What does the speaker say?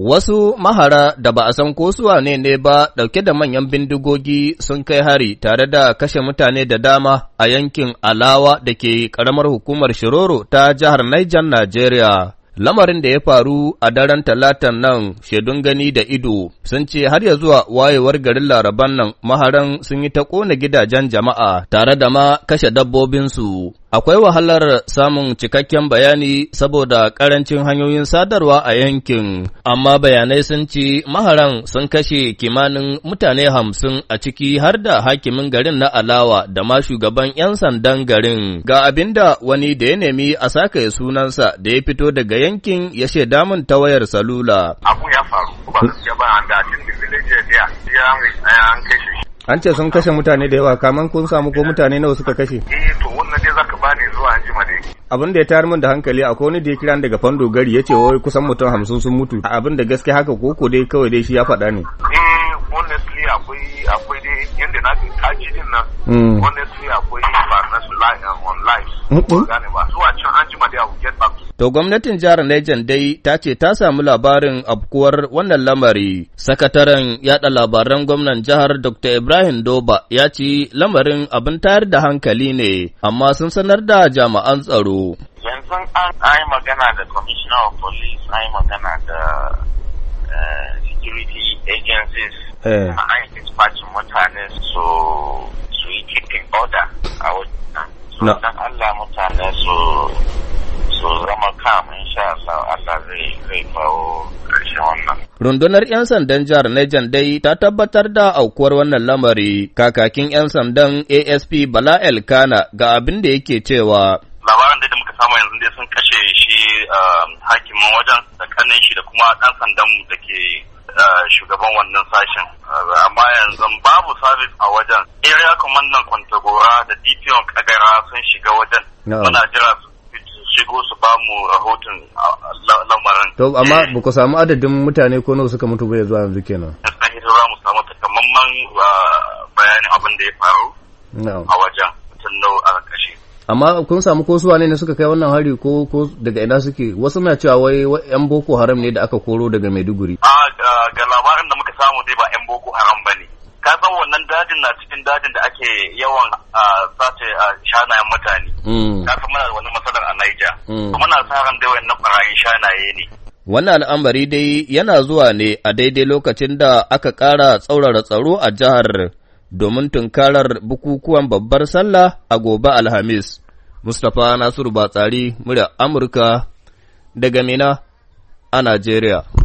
Wasu mahara da ba a san ko su ne ne ba ɗauke da manyan bindigogi sun kai hari tare da kashe mutane da dama a yankin Alawa da ke ƙaramar hukumar Shiroro ta jihar Niger, Najeriya. Lamarin da ya faru a daren talatan nan shaidun gani da ido sun ce har ya zuwa wayewar garin laraban nan maharan sun yi ta ƙona gidajen jama'a tare da ma kashe dabbobinsu. Akwai wahalar samun cikakken bayani saboda ƙarancin hanyoyin sadarwa a yankin, amma bayanai sun ci maharan sun kashe kimanin mutane hamsin a ciki har da hakimin garin na Alawa da ma shugaban 'yan sandan garin. Ga abinda wani da ya nemi a sakaye sunansa da ya fito daga yankin ya she damun ta wayar salula. Abu ya faru, ba an ce sun kashe mutane da yawa, kaman kun samu ko mutane nawa suka kashe? Eh, to wannan dai zuwa an jima yake. abin da ya tayar min da hankali akwai wani da ya kira daga fando gari ya ce wai kusan mutum hamsin sun mutu abin da gaske haka ko ko dai kawai dai shi ya faɗa ne eh honestly akwai akwai dai yanda na kaji din nan hmm. honestly akwai ba Uh, to gwamnatin jihar Niger dai ta ce ta samu labarin afkuwar wannan lamari. Sakataren yada labaran gwamnan jihar Dr. Ibrahim Doba ya ce lamarin abin tayar da hankali ne, amma sun sanar da jami'an tsaro. Yanzu an yi magana da Commissioner of Police, an yi magana da eh, security agencies, eh. an yi mutane so Allah mutane su su zama kamun insha Allah Allah zai zai kawo ƙarshen wannan. Rundunar 'yan sandan jihar Niger dai ta tabbatar da aukuwar wannan lamari kakakin 'yan sandan ASP Bala Elkana ga abin da yake cewa. Labaran da muka samu yanzu dai sun kashe shi um, hakimin wajen da kanin shi da kuma ɗan sandan mu da ke uh, shugaban wannan sashen. service a wajen area commandan kwantagora da dpn kagara sun shiga wajen muna jira su shigo su ba mu rahoton lamarin to amma eh. ba ku samu adadin mutane ko nawa suka mutu bai zuwa yanzu kenan za mu samu takamaiman bayanin abin da ya faru a wajen mutum a kashe amma kun samu ko suwa ne ne suka kai wannan hari ko ko daga ina suke wasu na cewa wai yan boko haram ne da aka koro daga maiduguri ah, a ga labarin da muka samu dai ba yan boko haram dajin na cikin dajin da ake yawan a sace a shanayen Ya hmm. Kafin muna da wani matsalar a Niger. Hmm. Muna sa ran da na ƙwarayen shanaye ne. Wannan al'amari dai yana zuwa ne a daidai lokacin da aka ƙara tsaurara tsaro a jihar domin tunkarar bukukuwan babbar sallah a gobe Alhamis. Mustapha Nasiru Batsari, murya Amurka daga Mina a Najeriya.